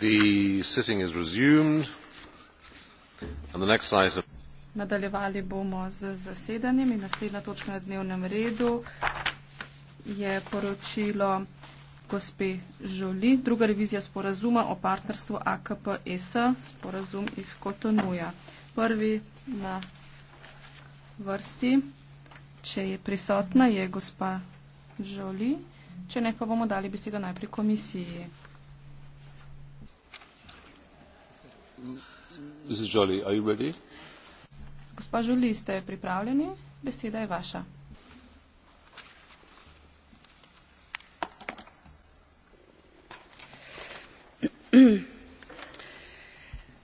The sitting is resumed. And the next item. Nadaljevali bomo z zasedanjem in naslednja točka na dnevnem redu je poročilo gospe Žoli, druga revizija sporazuma o partnerstvu AKPS, e sporazum iz Kotonuja. Prvi na vrsti, če je prisotna, je gospa Žoli, če ne pa bomo dali besedo najprej komisiji.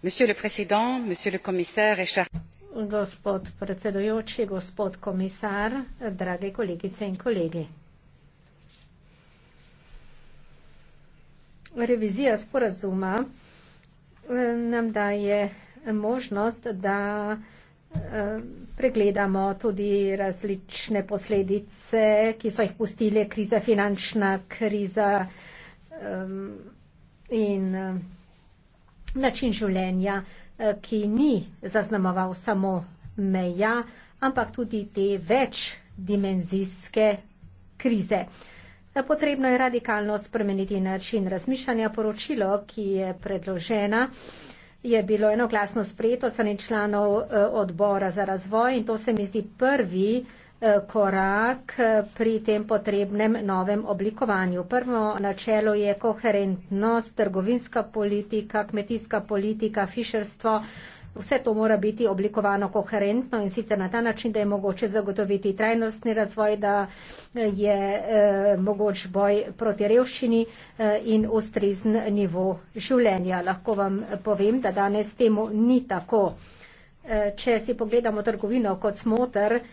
monsieur le président monsieur le commissaire chers gospod predsedujoči gospod komisar drage kolegice in kolegi revizija sporazuma nam daje možnost, da eh, pregledamo tudi različne posledice, ki so jih pustile kriza, finančna kriza in eh, način življenja, eh, ki ni zaznamoval samo meja, ampak tudi te večdimenzijske krize. Potrebno je radikalno spremeniti način razmišljanja. Poročilo, ki je predložena, je bilo enoglasno sprejeto strani članov eh, odbora za razvoj in to se mi zdi prvi eh, korak eh, pri tem potrebnem novem oblikovanju. Prvo načelo je koherentnost, trgovinska politika, kmetijska politika, fišerstvo, Vse to mora biti oblikovano koherentno in sicer na ta način, da je mogoče zagotoviti trajnostni razvoj, da je eh, mogoč boj proti revščini eh, in ustrezen nivo življenja. Lahko vam povem, da danes temu ni tako. Eh, če si pogledamo trgovino kot smotr eh,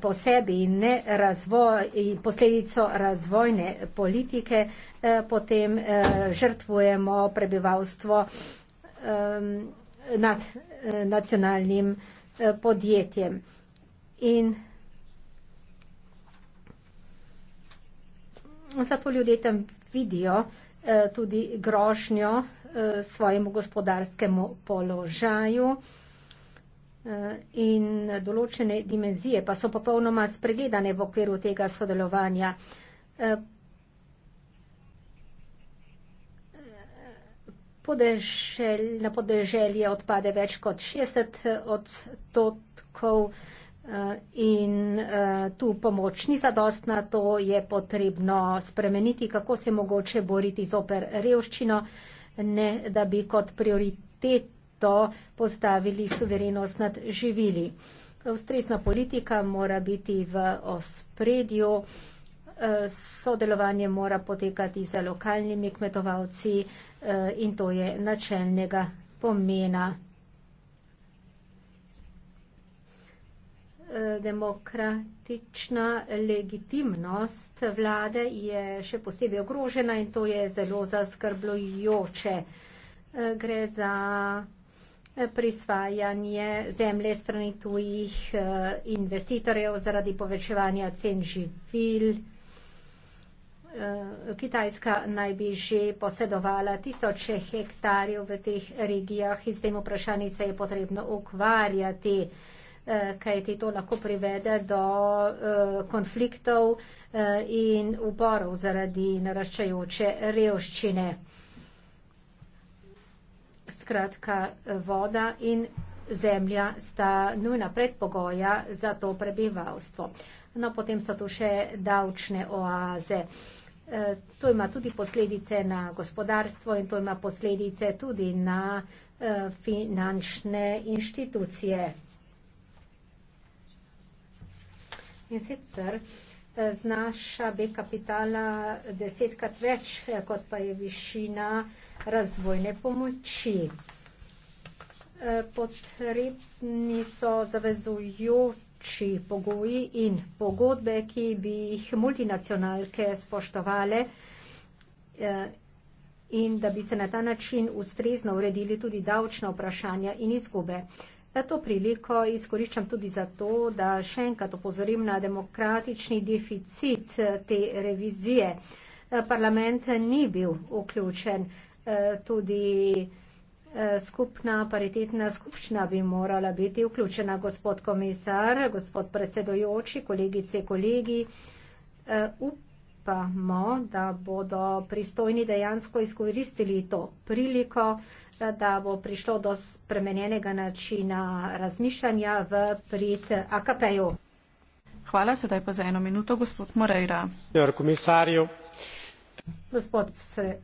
po sebi in ne razvoj, in posledico razvojne politike, eh, potem žrtvujemo prebivalstvo ehm, nad eh, nacionalnim eh, podjetjem. In zato ljudje tam vidijo eh, tudi grožnjo svojemu gospodarskemu položaju in določene dimenzije pa so popolnoma spregledane v okviru tega sodelovanja. podežel, na podeželje odpade več kot 60 eh, odstotkov eh, in eh, tu pomoč ni zadostna, to je potrebno spremeniti, kako se mogoče boriti z oper revščino, ne da bi kot prioriteto postavili suverenost nad živili. Avstrijska politika mora biti v ospredju, sodelovanje mora potekati za lokalnimi kmetovalci, Eh, in to je načelnega pomena. Eh, demokratična legitimnost vlade je še posebej ogrožena in to je zelo zaskrbljujoče. Eh, gre za prisvajanje zemlje strani tujih investitorjev zaradi povečevanja cen živil. Eh, Kitajska naj bi že posedovala tisoče hektarjev v teh regijah in s tem vprašanjem se je potrebno ukvarjati, eh, kajti to lahko privede do eh, konfliktov in uporov zaradi naraščajoče revščine. Skratka, voda in zemlja sta nujna predpogoja za to prebivalstvo. No, potem so tu še davčne oaze. Eh, to ima tudi posledice na gospodarstvo in to ima posledice tudi na eh, finančne inštitucije. In sicer eh, znaša B kapitala desetkrat več, kot pa je višina razvojne pomoči. Potrebni so zavezujoč boljši pogoji in pogodbe, ki bi jih multinacionalke spoštovale eh, in da bi se na ta način ustrezno uredili tudi davčna vprašanja in izgube. To priliko izkoriščam tudi zato, da še enkrat opozorim na demokratični deficit eh, te revizije. Eh, parlament ni bil vključen tudi skupna paritetna skupščina bi morala biti vključena, gospod komisar, gospod predsedujoči, kolegice, kolegi. E, upamo, da bodo pristojni dejansko izkoristili to priliko, da bo prišlo do spremenjenega načina razmišljanja v prid AKP-ju. Hvala, sedaj pa za eno minuto, gospod Moreira. Gospod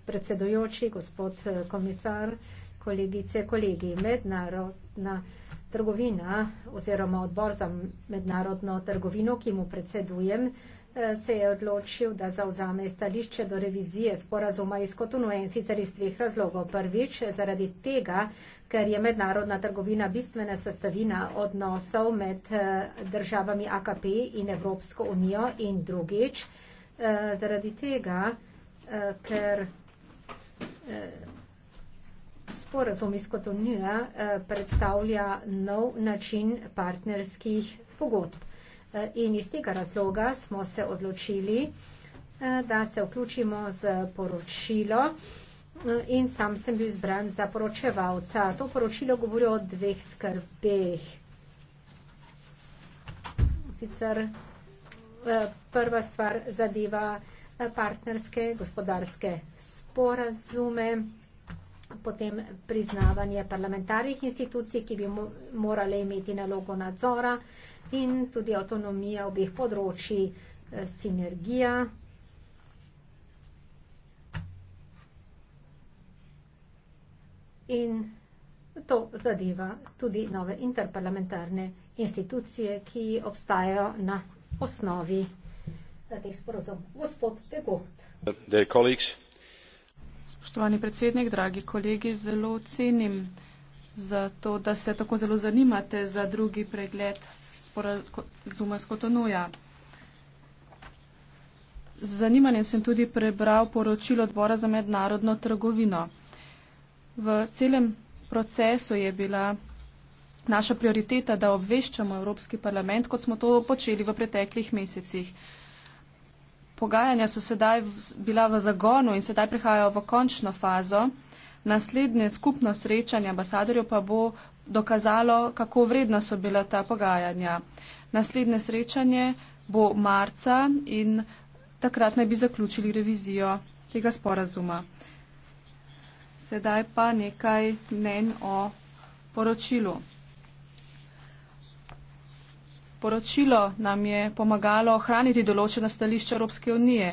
predsedujoči, gospod eh, komisar kolegice, kolegi. Mednarodna trgovina oziroma odbor za mednarodno trgovino, ki mu predsedujem, eh, se je odločil, da zauzame stališče do revizije sporazuma iz Kotonu in sicer iz dveh razlogov. Prvič, zaradi tega, ker je mednarodna trgovina bistvena sestavina odnosov med eh, državami AKP in Evropsko unijo in drugič, eh, zaradi tega, ker sporazum iz Kotonija eh, predstavlja nov način partnerskih pogodb. Eh, in iz tega razloga smo se odločili, eh, da se vključimo z poročilo in sam sem bil izbran za poročevalca. To poročilo govori o dveh skrbeh. Sicer prva stvar zadeva partnerske, gospodarske sporazume potem priznavanje parlamentarnih institucij, ki bi morale imeti nalogo nadzora in tudi avtonomija obih področji, eh, sinergija. In to zadeva tudi nove interparlamentarne institucije, ki obstajajo na osnovi eh, teh sporozumov. Gospod Pegoht. Dear colleagues, Spoštovani predsednik, dragi kolegi, zelo cenim za to, da se tako zelo zanimate za drugi pregled sporazuma s Kotonuja. Z zanimanjem sem tudi prebral poročilo odbora za mednarodno trgovino. V celem procesu je bila naša prioriteta, da obveščamo Evropski parlament, kot smo to počeli v preteklih mesecih pogajanja so sedaj v, bila v zagonu in sedaj prihajajo v končno fazo. Naslednje skupno srečanje ambasadorjev pa bo dokazalo, kako vredna so bila ta pogajanja. Naslednje srečanje bo marca in takrat naj bi zaključili revizijo tega sporazuma. Sedaj pa nekaj mnen o poročilu poročilo nam je pomagalo ohraniti določena stališča Evropske unije.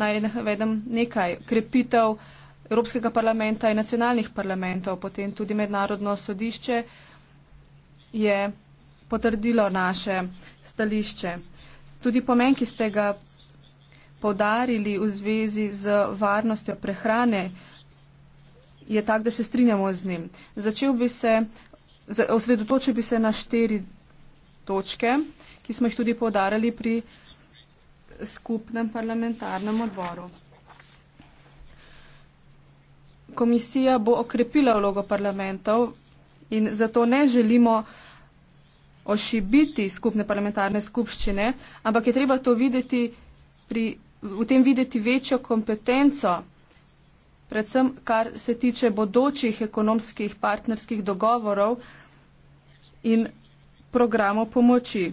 Naj navedem nekaj. Krepitev Evropskega parlamenta in nacionalnih parlamentov, potem tudi mednarodno sodišče je potrdilo naše stališče. Tudi pomen, ki ste ga podarili v zvezi z varnostjo prehrane, je tak, da se strinjamo z njim. Začel bi se, osredotočil bi se na štiri točke, ki smo jih tudi podarali pri skupnem parlamentarnem odboru. Komisija bo okrepila vlogo parlamentov in zato ne želimo ošibiti skupne parlamentarne skupščine, ampak je treba to videti pri, v tem videti večjo kompetenco, predvsem kar se tiče bodočih ekonomskih partnerskih dogovorov in programov pomoči.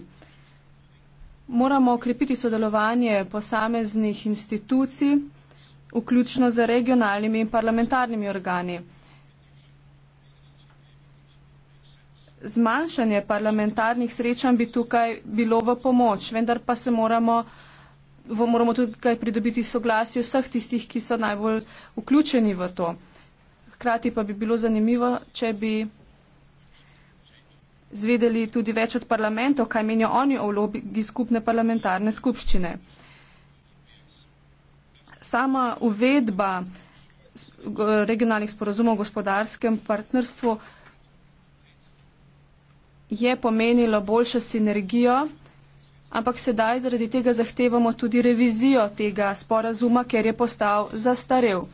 Moramo okrepiti sodelovanje posameznih institucij, vključno z regionalnimi in parlamentarnimi organi. Zmanjšanje parlamentarnih srečanj bi tukaj bilo v pomoč, vendar pa se moramo, moramo tukaj pridobiti soglasje vseh tistih, ki so najbolj vključeni v to. Hkrati pa bi bilo zanimivo, če bi zvedeli tudi več od parlamentov, kaj menijo oni o vlogi skupne parlamentarne skupščine. Sama uvedba regionalnih sporozumov o gospodarskem partnerstvu je pomenilo boljšo sinergijo, ampak sedaj zaradi tega zahtevamo tudi revizijo tega sporazuma, ker je postal zastarev.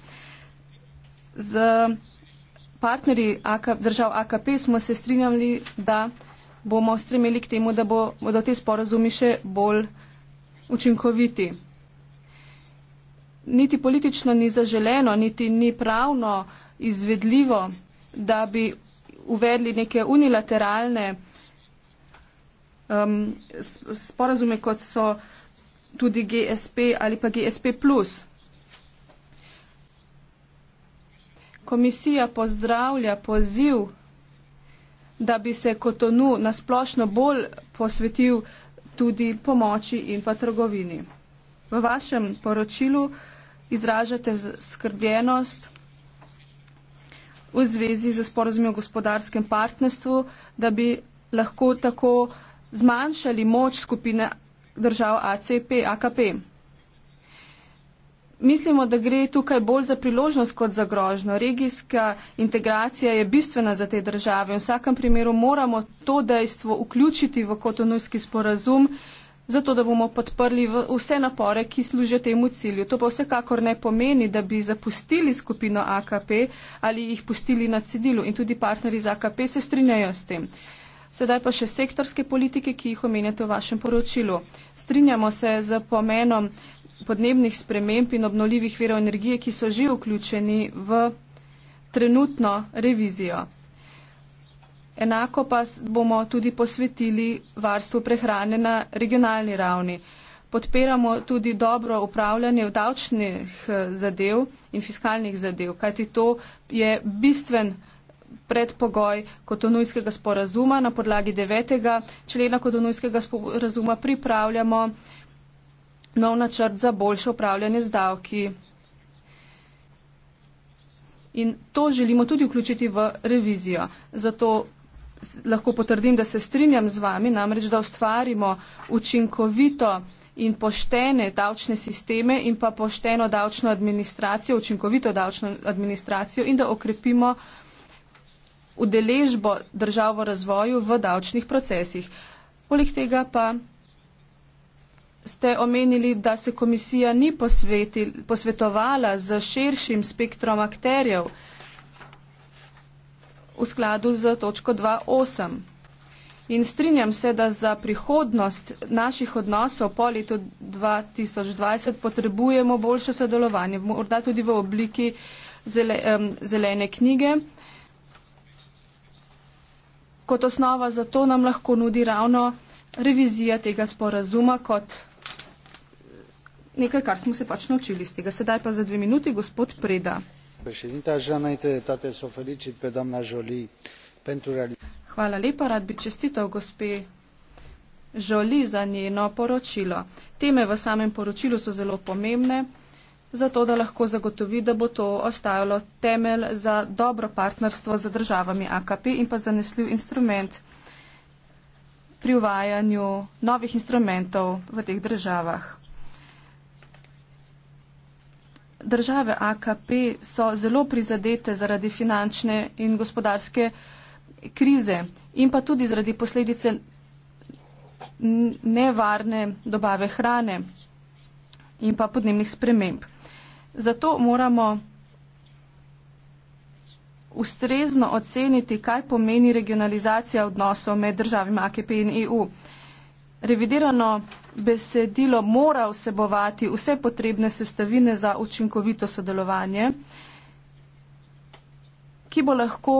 Z partnerji AK, držav AKP smo se strinjali, da bomo stremeli k temu, da bo, bodo te sporozumi še bolj učinkoviti. Niti politično ni zaželeno, niti ni pravno izvedljivo, da bi uvedli neke unilateralne um, sporozume, kot so tudi GSP ali pa GSP. Komisija pozdravlja poziv, da bi se Kotonu nasplošno bolj posvetil tudi pomoči in pa trgovini. V vašem poročilu izražate skrbljenost v zvezi z sporozumem o gospodarskem partnerstvu, da bi lahko tako zmanjšali moč skupine držav ACP, AKP mislimo, da gre tukaj bolj za priložnost kot za grožno. Regijska integracija je bistvena za te države in v vsakem primeru moramo to dejstvo vključiti v kotonujski sporazum, zato da bomo podprli vse napore, ki služijo temu cilju. To pa vsekakor ne pomeni, da bi zapustili skupino AKP ali jih pustili na cedilu in tudi partneri z AKP se strinjajo s tem. Sedaj pa še sektorske politike, ki jih omenjate v vašem poročilu. Strinjamo se z pomenom podnebnih sprememb in obnovljivih verov energije, ki so že vključeni v trenutno revizijo. Enako pa bomo tudi posvetili varstvu prehrane na regionalni ravni. Podpiramo tudi dobro upravljanje davčnih eh, zadev in fiskalnih zadev, kajti to je bistven predpogoj kotonujskega sporazuma. Na podlagi devetega člena kotonujskega sporazuma pripravljamo nov načrt za boljše upravljanje z davki. In to želimo tudi vključiti v revizijo. Zato lahko potrdim, da se strinjam z vami, namreč da ustvarimo učinkovito in poštene davčne sisteme in pa pošteno davčno administracijo, učinkovito davčno administracijo in da okrepimo udeležbo držav v razvoju v davčnih procesih. Poleg tega pa ste omenili, da se komisija ni posvetil, posvetovala z širšim spektrom akterjev v skladu z točko 2.8. In strinjam se, da za prihodnost naših odnosov po letu 2020 potrebujemo boljše sodelovanje, morda tudi v obliki zele, um, zelene knjige. Kot osnova za to nam lahko nudi ravno revizija tega sporazuma kot nekaj, kar smo se pač naučili iz tega. Sedaj pa za dve minuti gospod Preda. Hvala lepa, rad bi čestitev gospe Žoli za njeno poročilo. Teme v samem poročilu so zelo pomembne, zato da lahko zagotovi, da bo to ostajalo temelj za dobro partnerstvo z državami AKP in pa zanesljiv instrument pri uvajanju novih instrumentov v teh državah države AKP so zelo prizadete zaradi finančne in gospodarske krize in pa tudi zaradi posledice nevarne dobave hrane in pa podnebnih sprememb. Zato moramo ustrezno oceniti, kaj pomeni regionalizacija odnosov med državami AKP in EU. Revidirano besedilo mora vsebovati vse potrebne sestavine za učinkovito sodelovanje, ki bo lahko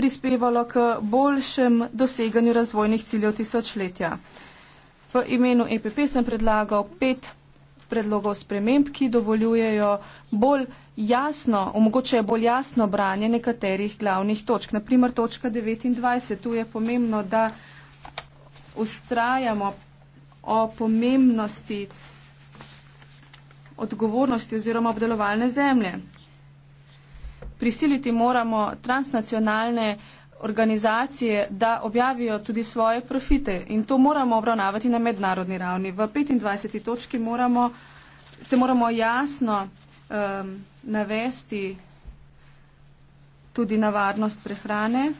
prispevalo k boljšem doseganju razvojnih ciljev tisočletja. V imenu EPP sem predlagal pet predlogov sprememb, ki dovoljujejo bolj jasno, omogočajo bolj jasno branje nekaterih glavnih točk. Naprimer, točka 29. Tu je pomembno, da ustrajamo o pomembnosti odgovornosti oziroma obdelovalne zemlje. Prisiliti moramo transnacionalne organizacije, da objavijo tudi svoje profite in to moramo obravnavati na mednarodni ravni. V 25. točki moramo, se moramo jasno um, navesti tudi na varnost prehrane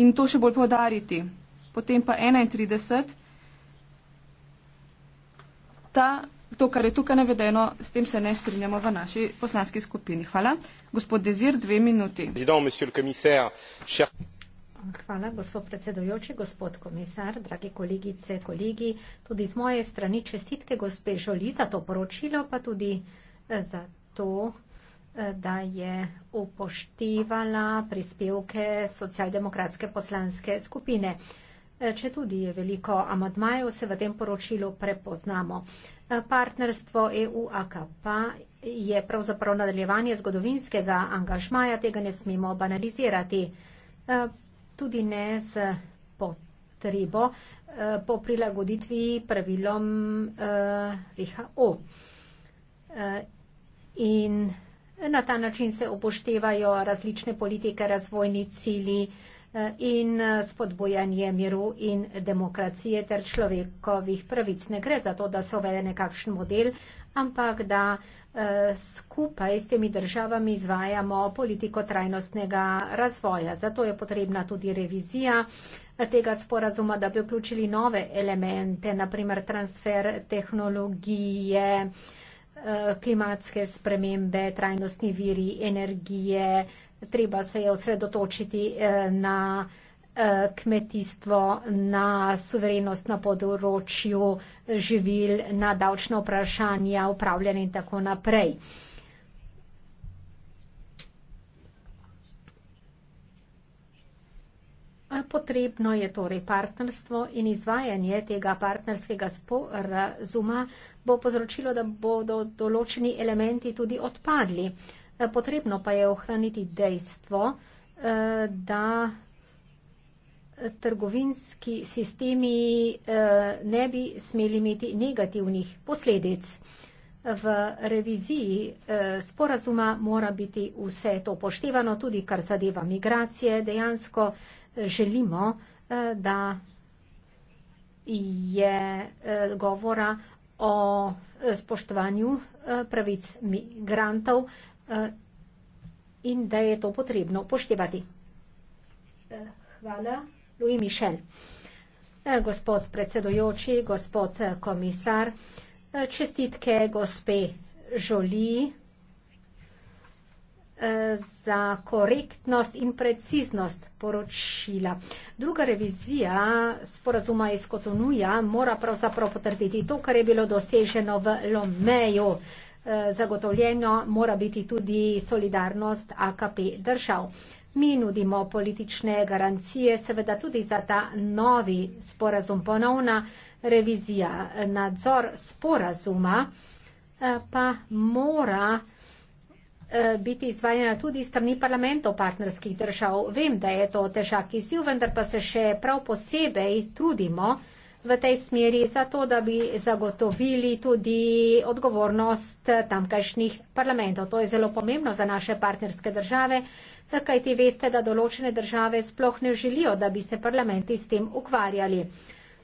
in to še bolj povdariti. Potem pa 31. Ta, to, kar je tukaj navedeno, s tem se ne strinjamo v naši poslanski skupini. Hvala. Gospod Dezir, dve minuti. Hvala, gospod predsedujoči, gospod komisar, dragi kolegice, kolegi. Tudi z moje strani čestitke gospe Žoli za to poročilo, pa tudi eh, za to da je upoštevala prispevke socialdemokratske poslanske skupine. E, če tudi je veliko amadmajev, se v tem poročilu prepoznamo. E, partnerstvo EU-AKP je pravzaprav nadaljevanje zgodovinskega angažmaja, tega ne smemo banalizirati. E, tudi ne z potrebo po prilagoditvi pravilom WHO. In Na ta način se upoštevajo različne politike, razvojni cili eh, in eh, spodbojanje miru in demokracije ter človekovih pravic. Ne gre za to, da se uvede nekakšen model, ampak da eh, skupaj s temi državami izvajamo politiko trajnostnega razvoja. Zato je potrebna tudi revizija tega sporazuma, da bi vključili nove elemente, naprimer transfer tehnologije, Eh, klimatske spremembe, trajnostni viri energije, treba se je osredotočiti eh, na eh, kmetijstvo, na suverenost na področju živil, na davčna vprašanja, upravljanje in tako naprej. potrebno je torej partnerstvo in izvajanje tega partnerskega sporazuma bo povzročilo, da bodo določeni elementi tudi odpadli. Eh, potrebno pa je ohraniti dejstvo, eh, da trgovinski sistemi eh, ne bi smeli imeti negativnih posledic v reviziji eh, sporazuma mora biti vse to poštevano, tudi kar zadeva migracije. Dejansko eh, želimo, eh, da je govora o spoštovanju pravic migrantov in da je to potrebno poštevati. Hvala. Louis Michel. Gospod predsedojoči, gospod komisar čestitke gospe Žoli eh, za korektnost in preciznost poročila. Druga revizija sporazuma iz Kotonuja mora pravzaprav potrditi to, kar je bilo doseženo v Lomeju. Eh, zagotovljeno mora biti tudi solidarnost AKP držav. Mi nudimo politične garancije, seveda tudi za ta novi sporazum, ponovna revizija. Nadzor sporazuma eh, pa mora eh, biti izvajena tudi strani parlamentov partnerskih držav. Vem, da je to težak izziv, vendar pa se še prav posebej trudimo v tej smeri za to, da bi zagotovili tudi odgovornost tamkajšnjih parlamentov. To je zelo pomembno za naše partnerske države, kaj ti veste, da določene države sploh ne želijo, da bi se parlamenti s tem ukvarjali.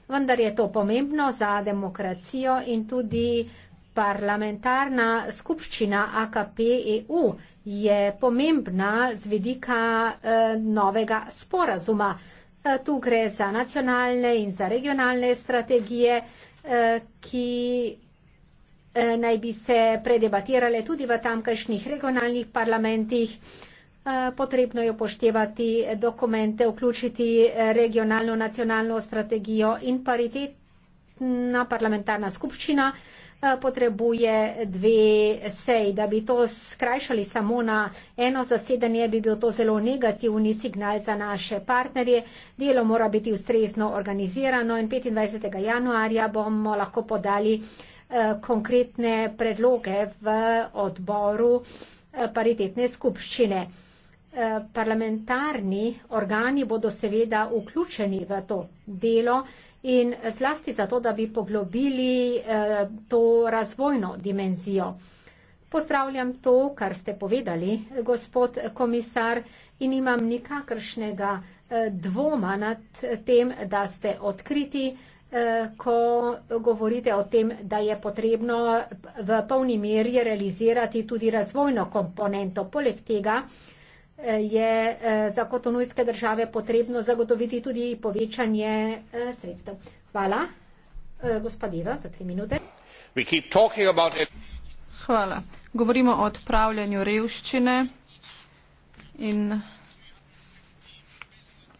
Vendar je to pomembno za demokracijo in tudi parlamentarna skupščina AKP EU je pomembna z vedika eh, novega sporazuma. Eh, tu gre za nacionalne in za regionalne strategije, eh, ki eh, naj bi se predebatirale tudi v tamkajšnjih regionalnih parlamentih. Eh, Eh, potrebno je upoštevati dokumente, vključiti eh, regionalno, nacionalno strategijo in paritetna parlamentarna skupščina eh, potrebuje dve seji. Da bi to skrajšali samo na eno zasedanje, bi bil to zelo negativni signal za naše partnerje. Delo mora biti ustrezno organizirano in 25. januarja bomo lahko podali konkretne predloge v odboru paritetne skupščine. Eh, parlamentarni organi bodo seveda vključeni v to delo in zlasti zato, da bi poglobili eh, to razvojno dimenzijo. Pozdravljam to, kar ste povedali, gospod komisar, in imam nikakršnega eh, dvoma nad tem, da ste odkriti, ko govorite o tem, da je potrebno v polni meri realizirati tudi razvojno komponento. Poleg tega, je eh, za kotonujske države potrebno zagotoviti tudi povečanje eh, sredstev. Hvala, eh, gospodiva, za tri minute. Hvala. Govorimo o odpravljanju revščine in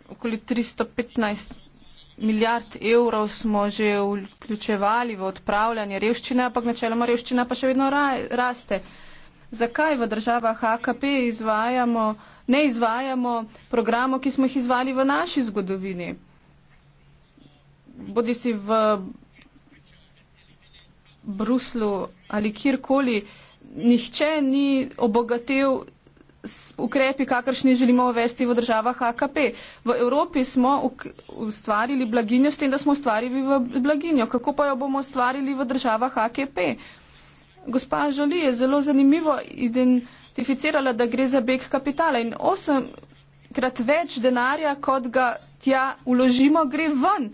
okoli 315 milijard evrov smo že vključevali v odpravljanje revščine, ampak načeloma revščina pa še vedno raste zakaj v državah AKP izvajamo, ne izvajamo programov, ki smo jih izvali v naši zgodovini. Bodi si v Bruslu ali kjerkoli, nihče ni obogatil ukrepi, kakršni želimo uvesti v državah AKP. V Evropi smo ustvarili blaginjo s tem, da smo ustvarili v blaginjo. Kako pa jo bomo ustvarili v državah AKP? gospa Žoli je zelo zanimivo identificirala, da gre za beg kapitala in osemkrat več denarja, kot ga tja uložimo, gre ven.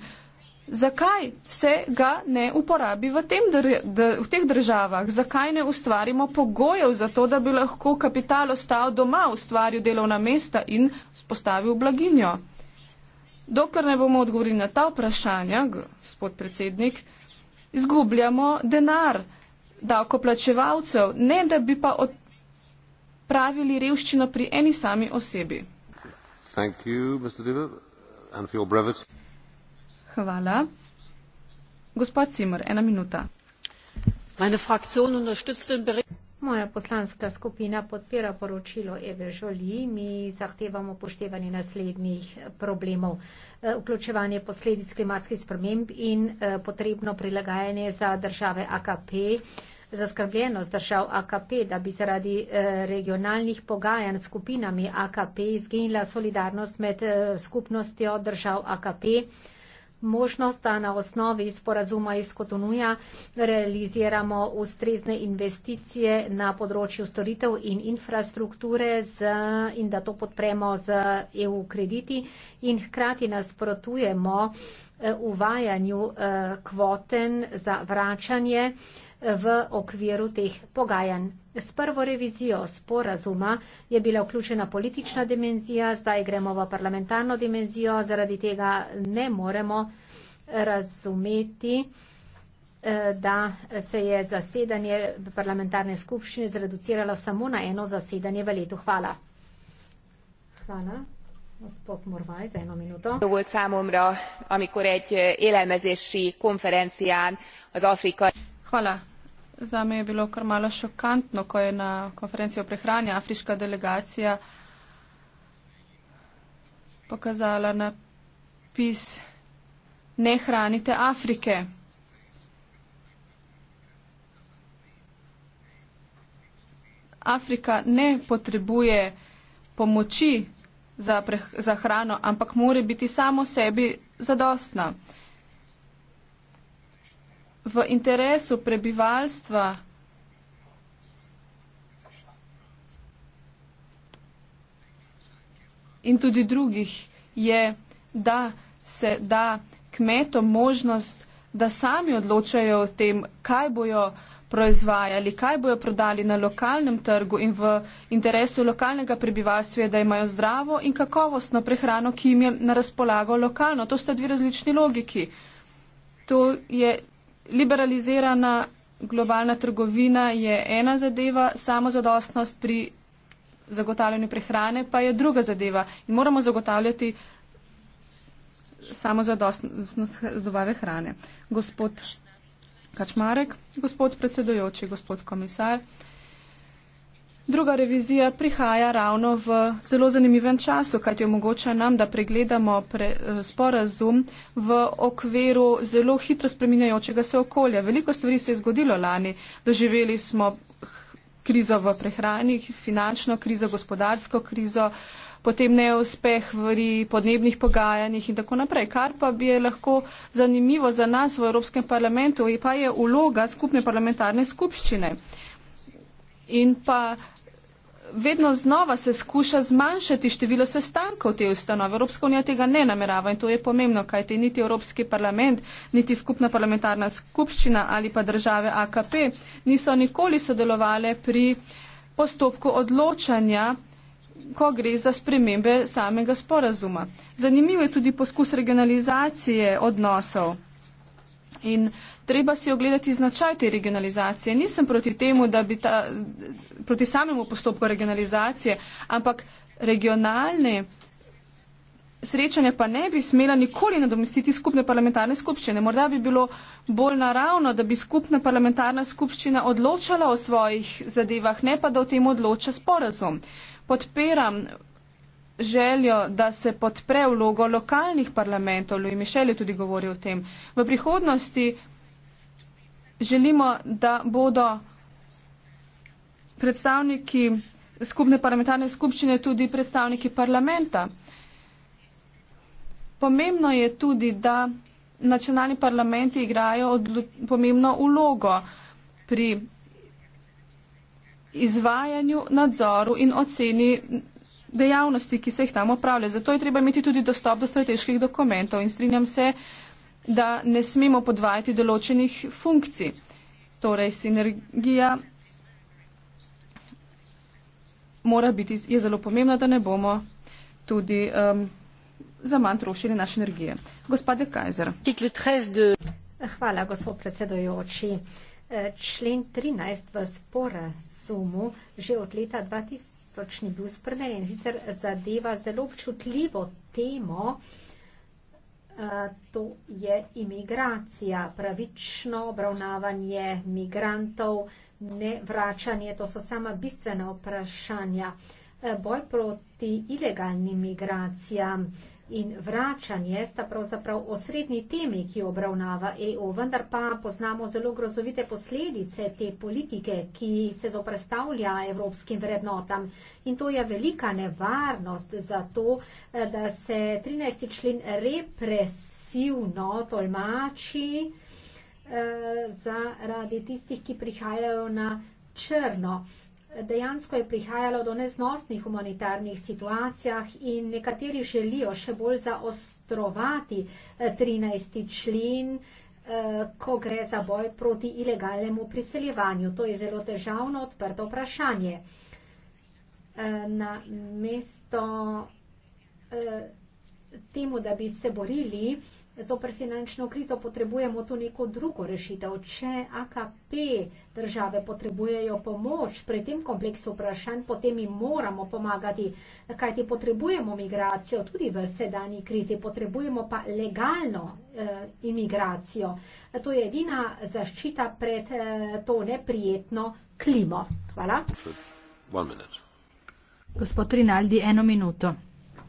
Zakaj se ga ne uporabi v, tem, v teh državah? Zakaj ne ustvarimo pogojev za to, da bi lahko kapital ostal doma, ustvaril delovna mesta in spostavil blaginjo? Dokler ne bomo odgovorili na ta vprašanja, gospod predsednik, izgubljamo denar davkoplačevalcev, ne da bi pa odpravili revščino pri eni sami osebi. You, Hvala. Gospod Cimer, ena minuta. Meine Fraktion unterstützt den Bericht. Moja poslanska skupina podpira poročilo Eve Žoli. Mi zahtevamo poštevanje naslednjih problemov. Eh, vključevanje posledic klimatskih sprememb in eh, potrebno prilagajanje za države AKP. Zaskrbljenost držav AKP, da bi zaradi eh, regionalnih pogajanj skupinami AKP izginila solidarnost med skupnostjo držav AKP možnost, da na osnovi sporazuma iz Kotonuja realiziramo ustrezne investicije na področju storitev in infrastrukture z, in da to podpremo z EU krediti in hkrati nasprotujemo eh, uvajanju eh, kvoten za vračanje v okviru teh pogajanj. S prvo revizijo sporazuma je bila vključena politična dimenzija, zdaj gremo v parlamentarno dimenzijo, zaradi tega ne moremo razumeti, eh, da se je zasedanje parlamentarne skupščine zreduciralo samo na eno zasedanje v letu. Hvala. Hvala. Gospod Morvaj, za eno minuto. To volt számomra, amikor egy eh, élelmezési konferencián az Afrika... Hvala. Za me je bilo kar malo šokantno, ko je na konferenci o prehrani afriška delegacija pokazala napis Ne hranite Afrike. Afrika ne potrebuje pomoči za, preh, za hrano, ampak mora biti samo sebi zadostna v interesu prebivalstva in tudi drugih je, da se da kmetom možnost, da sami odločajo o tem, kaj bojo proizvajali, kaj bojo prodali na lokalnem trgu in v interesu lokalnega prebivalstva je, da imajo zdravo in kakovostno prehrano, ki jim je na razpolago lokalno. To sta dve različni logiki. To je liberalizirana globalna trgovina je ena zadeva, samozadostnost pri zagotavljanju prehrane pa je druga zadeva in moramo zagotavljati samozadostnost dobave hrane. Gospod Kačmarek, gospod predsedujoči, gospod komisar. Druga revizija prihaja ravno v zelo zanimivem času, kajti omogoča nam, da pregledamo pre, eh, sporazum v okviru zelo hitro spreminjajočega se okolja. Veliko stvari se je zgodilo lani. Doživeli smo krizo v prehrani, finančno krizo, gospodarsko krizo, potem neuspeh v podnebnih pogajanjih in tako naprej. Kar pa bi je lahko zanimivo za nas v Evropskem parlamentu, pa je uloga skupne parlamentarne skupščine. In pa vedno znova se skuša zmanjšati število sestankov te ustanove. Evropska unija tega ne namerava in to je pomembno, kaj te niti Evropski parlament, niti skupna parlamentarna skupščina ali pa države AKP niso nikoli sodelovali pri postopku odločanja, ko gre za spremembe samega sporazuma. Zanimiv je tudi poskus regionalizacije odnosov. In uh, treba si ogledati značaj te regionalizacije. Nisem proti temu, da bi ta, proti samemu postopku regionalizacije, ampak regionalne srečanja pa ne bi smela nikoli nadomestiti skupne parlamentarne skupščine. Morda bi bilo bolj naravno, da bi skupna parlamentarna skupščina odločala o svojih zadevah, ne pa da o tem odloča sporazum. Podpiram željo, da se podpre vlogo lokalnih parlamentov, Louis Michel je tudi govoril o tem. V prihodnosti želimo, da bodo predstavniki skupne parlamentarne skupščine tudi predstavniki parlamenta. Pomembno je tudi, da nacionalni parlamenti igrajo pomembno ulogo pri izvajanju, nadzoru in oceni dejavnosti, ki se jih tam opravlja. Zato je treba imeti tudi dostop do strateških dokumentov in strinjam se, da ne smemo podvajati določenih funkcij. Torej, sinergija mora biti, je zelo pomembna, da ne bomo tudi um, za manj trošili naše energije. Gospod De Kajzer. Hvala, gospod predsedojoči. E, člen 13 v sporazumu že od leta 2000 ni bil spremenjen, sicer zadeva zelo občutljivo temo, to je imigracija, pravično obravnavanje migrantov, ne vračanje, to so sama bistvena vprašanja. E, boj proti ilegalnim migracijam in vračanje sta pravzaprav osrednji temi, ki obravnava EU, vendar pa poznamo zelo grozovite posledice te politike, ki se zoprestavlja evropskim vrednotam. In to je velika nevarnost za to, eh, da se 13. člen represivno tolmači eh, zaradi tistih, ki prihajajo na črno dejansko je prihajalo do neznosnih humanitarnih situacijah in nekateri želijo še bolj zaostrovati 13. Eh, člen, eh, ko gre za boj proti ilegalnemu priseljevanju. To je zelo težavno odprto vprašanje. Eh, na mesto temu, da bi se borili zoper finančno krizo potrebujemo tu neko drugo rešitev. Če AKP države potrebujejo pomoč pri tem kompleksu vprašanj, potem jim moramo pomagati, kajti potrebujemo migracijo tudi v sedanji krizi, potrebujemo pa legalno eh, imigracijo. To je edina zaščita pred eh, to neprijetno klimo. Hvala. Gospod Rinaldi, eno minuto.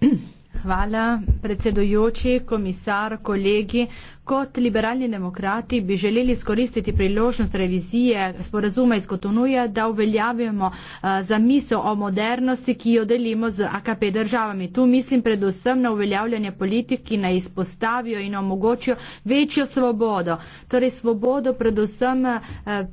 Hvala, predsedujoči, komisar, kolegi. Kot liberalni demokrati bi želeli skoristiti priložnost revizije sporazuma iz Kotonuja, da uveljavimo eh, za misel o modernosti, ki jo delimo z AKP državami. Tu mislim predvsem na uveljavljanje politik, ki naj izpostavijo in omogočijo večjo svobodo. Torej svobodo predvsem eh,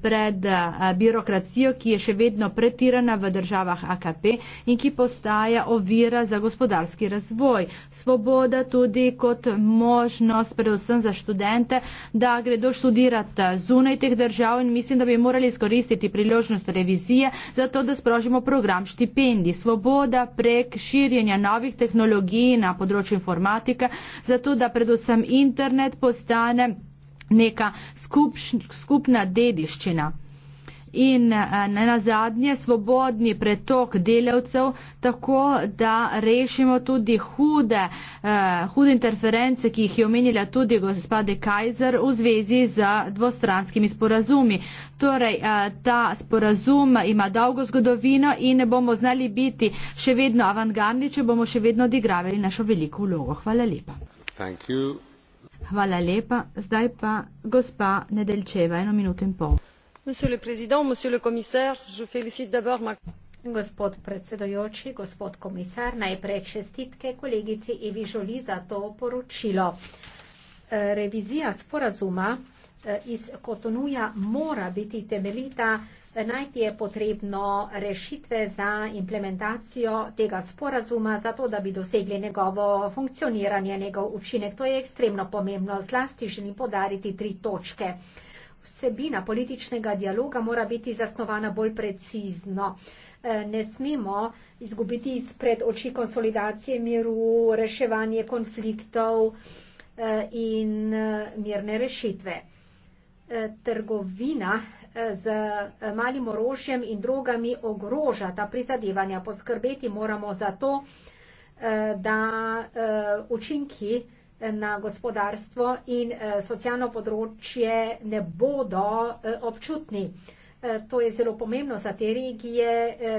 pred eh, birokracijo, ki je še vedno pretirana v državah AKP in ki postaja ovira za gospodarski razvoj. Svoboda tudi kot možnost predvsem za študente, da gredo študirati eh, zunaj teh držav in mislim, da bi morali izkoristiti priložnost revizije za to, da sprožimo program štipendij. Svoboda prek širjenja novih tehnologij na področju informatike, zato da predvsem internet postane neka skupš, skupna dediščina in eh, ne na zadnje svobodni pretok delavcev, tako da rešimo tudi hude, eh, hude interference, ki jih je omenila tudi gospode Kajzer v zvezi z dvostranskimi sporazumi. Torej, eh, ta sporazum ima dolgo zgodovino in ne bomo znali biti še vedno avangardni, če bomo še vedno odigravali našo veliko vlogo. Hvala lepa. Hvala lepa. Zdaj pa gospa Nedelčeva, eno minuto in pol monsieur le président monsieur le commissaire je félicite d'abord ma Gospod predsedojoči, gospod komisar, najprej čestitke kolegici Evi Žoli za to poročilo. E, revizija sporazuma e, iz Kotonuja mora biti temeljita, e, najti je potrebno rešitve za implementacijo tega sporazuma, zato da bi dosegli njegovo funkcioniranje, njegov učinek. To je ekstremno pomembno. Zlasti želim podariti tri točke vsebina političnega dialoga mora biti zasnovana bolj precizno. E, ne smemo izgubiti izpred oči konsolidacije miru, reševanje konfliktov e, in e, mirne rešitve. Trgovina z malim orožjem in drogami ogroža ta prizadevanja. Poskrbeti moramo za to, da učinki na gospodarstvo in eh, socijalno področje ne bodo eh, občutni. Eh, to je zelo pomembno za te regije,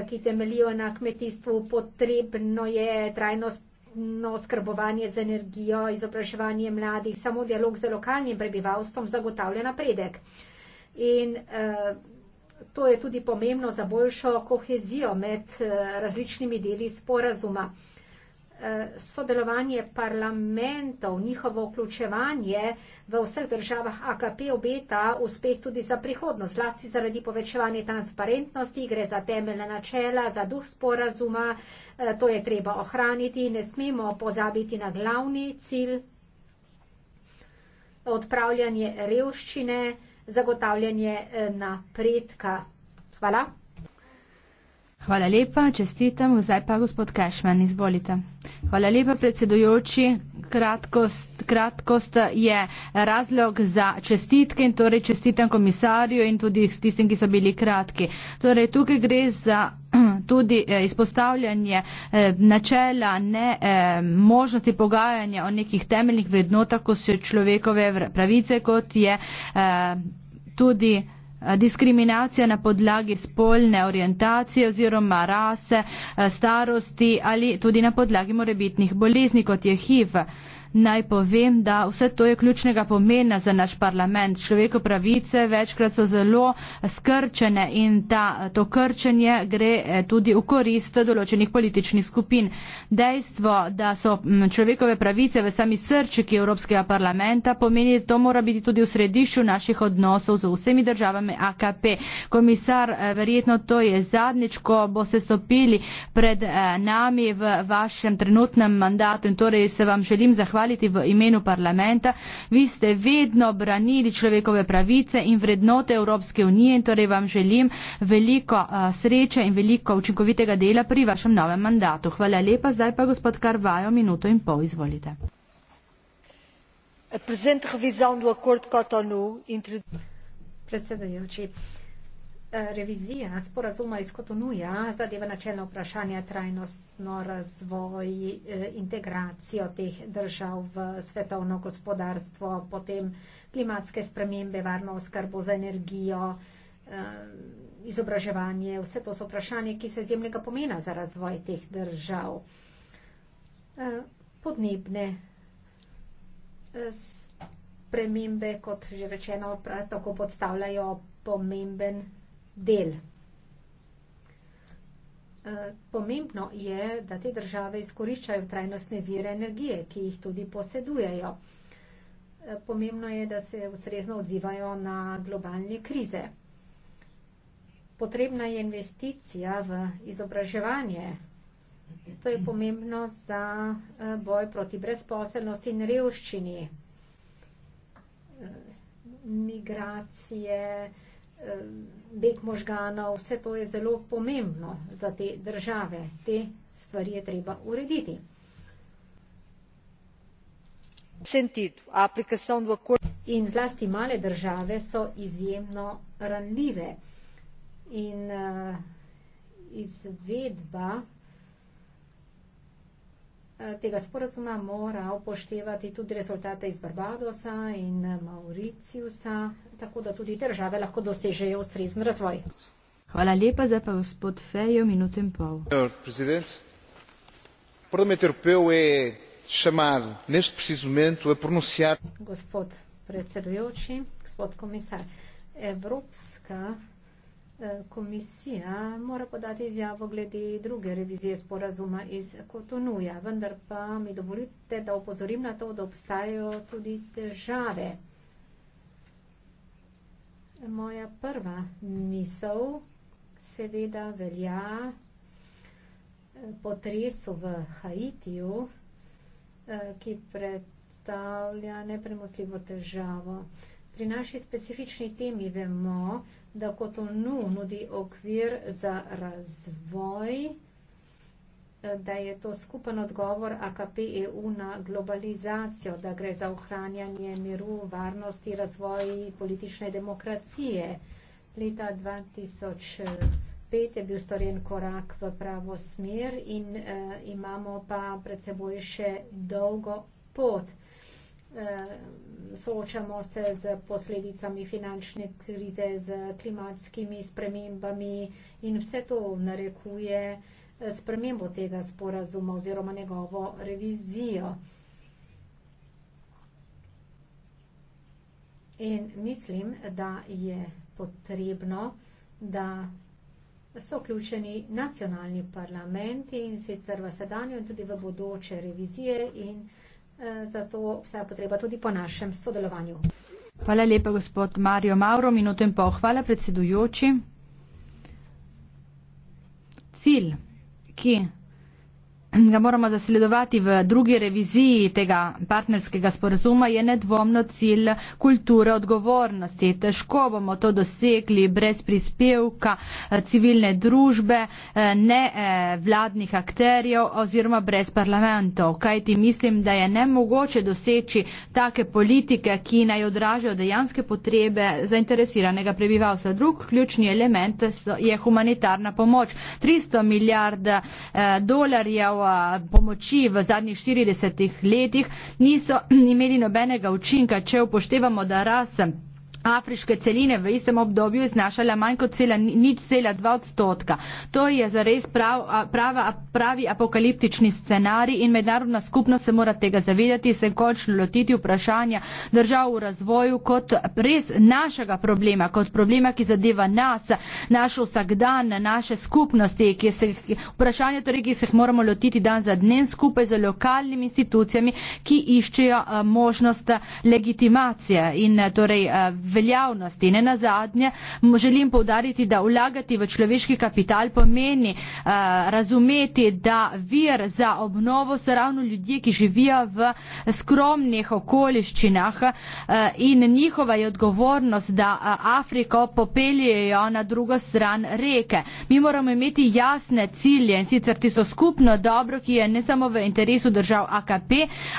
ki temelijo na kmetijstvu. Potrebno je trajnostno skrbovanje z energijo, izobraževanje mladih, samo dialog z lokalnim prebivalstvom zagotavlja napredek. In to je tudi pomembno za boljšo kohezijo med različnimi deli sporazuma. Eh, sodelovanje parlamentov, njihovo vključevanje v vseh državah AKP obeta uspeh tudi za prihodnost, zlasti zaradi povečevanja transparentnosti, gre za temeljna načela, za duh sporazuma, eh, to je treba ohraniti, ne smemo pozabiti na glavni cilj odpravljanje revščine, zagotavljanje eh, napredka. Hvala. Hvala lepa, čestitam. Zdaj pa gospod Kešman, izvolite. Hvala lepa, predsedujoči. Kratkost, kratkost je razlog za čestitke in torej čestitam komisarju in tudi s tistim, ki so bili kratki. Torej, tukaj gre za tudi eh, izpostavljanje eh, načela ne eh, možnosti pogajanja o nekih temeljnih vrednotah, kot so človekove pravice, kot je tudi Eh, diskriminacija na podlagi spolne orientacije oziroma rase, eh, starosti ali tudi na podlagi morebitnih bolezni, kot je HIV. Naj povem, da vse to je ključnega pomena za naš parlament. Človeko pravice večkrat so zelo skrčene in ta, to krčenje gre eh, tudi v korist določenih političnih skupin. Dejstvo, da so človekove pravice v sami srčiki Evropskega parlamenta, pomeni, da to mora biti tudi v središču naših odnosov z vsemi državami AKP. Komisar, eh, verjetno to je zadnjič, ko boste stopili pred eh, nami v vašem trenutnem mandatu in torej se vam želim zahvaliti hvaliti v imenu parlamenta. Vi ste vedno branili človekove pravice in vrednote Evropske unije in torej vam želim veliko sreče in veliko učinkovitega dela pri vašem novem mandatu. Hvala lepa, zdaj pa gospod Karvajo, minuto in pol izvolite. Predsedujoči, Eh, revizija sporazuma iz Kotonuja zadeva načelno vprašanje trajnostno razvoj, eh, integracijo teh držav v svetovno gospodarstvo, potem klimatske spremembe, varno oskrbo z energijo, eh, izobraževanje. Vse to so vprašanje, ki so izjemnega pomena za razvoj teh držav. Podnebne spremembe, kot že rečeno, tako podstavljajo pomemben del. Eh, pomembno je, da te države izkoriščajo trajnostne vire energije, ki jih tudi posedujejo. Eh, pomembno je, da se ustrezno odzivajo na globalne krize. Potrebna je investicija v izobraževanje. To je pomembno za eh, boj proti brezposelnosti in revščini. Migracije, Eh, beg možganov, vse to je zelo pomembno za te države. Te stvari je treba urediti. In zlasti male države so izjemno ranljive. In uh, izvedba. Eh, tega sporazuma mora upoštevati tudi rezultate iz Barbadosa in eh, Mauriciusa, tako da tudi države lahko dosežejo ustrezen razvoj. Hvala lepa, zdaj pa gospod Fejo, minuto in pol. Gospod predsedujoči, gospod komisar, Evropska E, komisija mora podati izjavo glede druge revizije sporazuma iz Kotonuja, vendar pa mi dovolite, da opozorim na to, da obstajajo tudi težave. Moja prva misel seveda velja e, potresu v Haitiju, e, ki predstavlja nepremostljivo težavo. Pri naši specifični temi vemo, da kot onu nudi okvir za razvoj, eh, da je to skupen odgovor AKP EU na globalizacijo, da gre za ohranjanje miru, varnosti, razvoj politične demokracije. Leta 2005 je bil storjen korak v pravo smer in eh, imamo pa pred seboj še dolgo pot. Eh, soočamo se z posledicami finančne krize, z klimatskimi spremembami in vse to narekuje eh, spremembo tega sporazuma oziroma njegovo revizijo. In mislim, da je potrebno, da so vključeni nacionalni parlamenti in sicer v sedanju in tudi v bodoče revizije in revizije Eh, zato vsa potreba tudi po našem sodelovanju. Hvala lepa, gospod Mario Mauro. Minuto in pol hvala, predsedujoči. Cilj, ki ga moramo zasledovati v drugi reviziji tega partnerskega sporozuma, je nedvomno cilj kulture odgovornosti. Težko bomo to dosegli brez prispevka eh, civilne družbe, eh, ne eh, vladnih akterjev oziroma brez parlamentov. Kajti mislim, da je nemogoče doseči take politike, ki naj odražajo dejanske potrebe zainteresiranega prebivalstva. Drug ključni element je humanitarna pomoč. 300 milijard dolarjev pomoči v zadnjih 40 letih niso imeli nobenega učinka, če upoštevamo, da rasem afriške celine v istem obdobju znašala manj kot cela, nič cela dva odstotka. To je zares prav, prava, pravi apokaliptični scenarij in mednarodna skupnost se mora tega zavedati in se končno lotiti vprašanja držav v razvoju kot res našega problema, kot problema, ki zadeva nas, naš vsakdan, naše skupnosti, ki se, vprašanje torej, ki se jih moramo lotiti dan za dnem skupaj z lokalnimi institucijami, ki iščejo možnost legitimacije in torej v veljavnosti. Ne na zadnje želim povdariti, da vlagati v človeški kapital pomeni uh, razumeti, da vir za obnovo so ravno ljudje, ki živijo v skromnih okoliščinah uh, in njihova je odgovornost, da uh, Afriko popeljejo na drugo stran reke. Mi moramo imeti jasne cilje in sicer tisto skupno dobro, ki je ne samo v interesu držav AKP,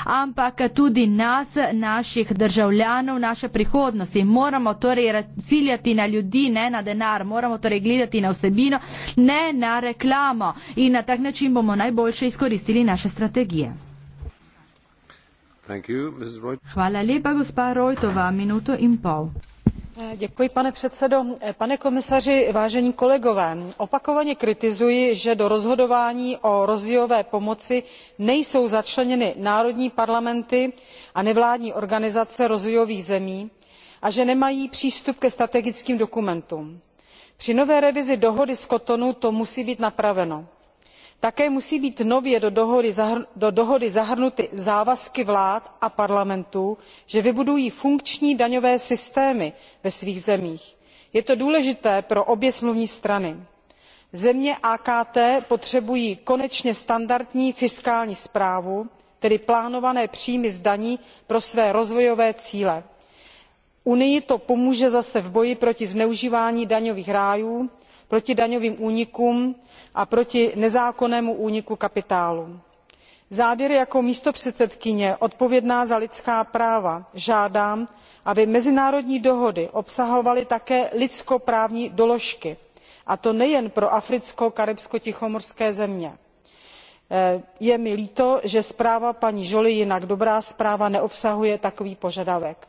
ampak tudi nas, naših državljanov, naše prihodnosti. Moramo moramo torej ciljati na ljudi, ne na denar, moramo torej gledati na vsebino, ne na reklamo in na tak način bomo najboljše izkoristili naše strategije. Hvala lepa, gospa Rojtova, minuto in pol. E, děkuji, pane předsedo. E, pane komisaři, vážení kolegové, opakovaně kritizuji, že do rozhodování o rozvojové pomoci nejsou začleněny národní parlamenty a nevládní organizace rozvojových zemí a že nemají přístup ke strategickým dokumentům. při nové revizi dohody z cotonou to musí být napraveno. také musí být nově do dohody zahrnuty závazky vlád a parlamentů že vybudují funkční daňové systémy ve svých zemích. je to důležité pro obě smluvní strany. země akt potřebují konečně standardní fiskální správu tedy plánované příjmy z daní pro své rozvojové cíle unii to pomůže zase v boji proti zneužívání daňových rájů proti daňovým únikům a proti nezákonnému úniku kapitálu. závěrem jako místopředsedkyně odpovědná za lidská práva žádám aby mezinárodní dohody obsahovaly také lidskoprávní doložky a to nejen pro africké karibské a tichomořské země. E, je mi líto že zpráva paní jolyové jinak dobrá zpráva neobsahuje takový požadavek.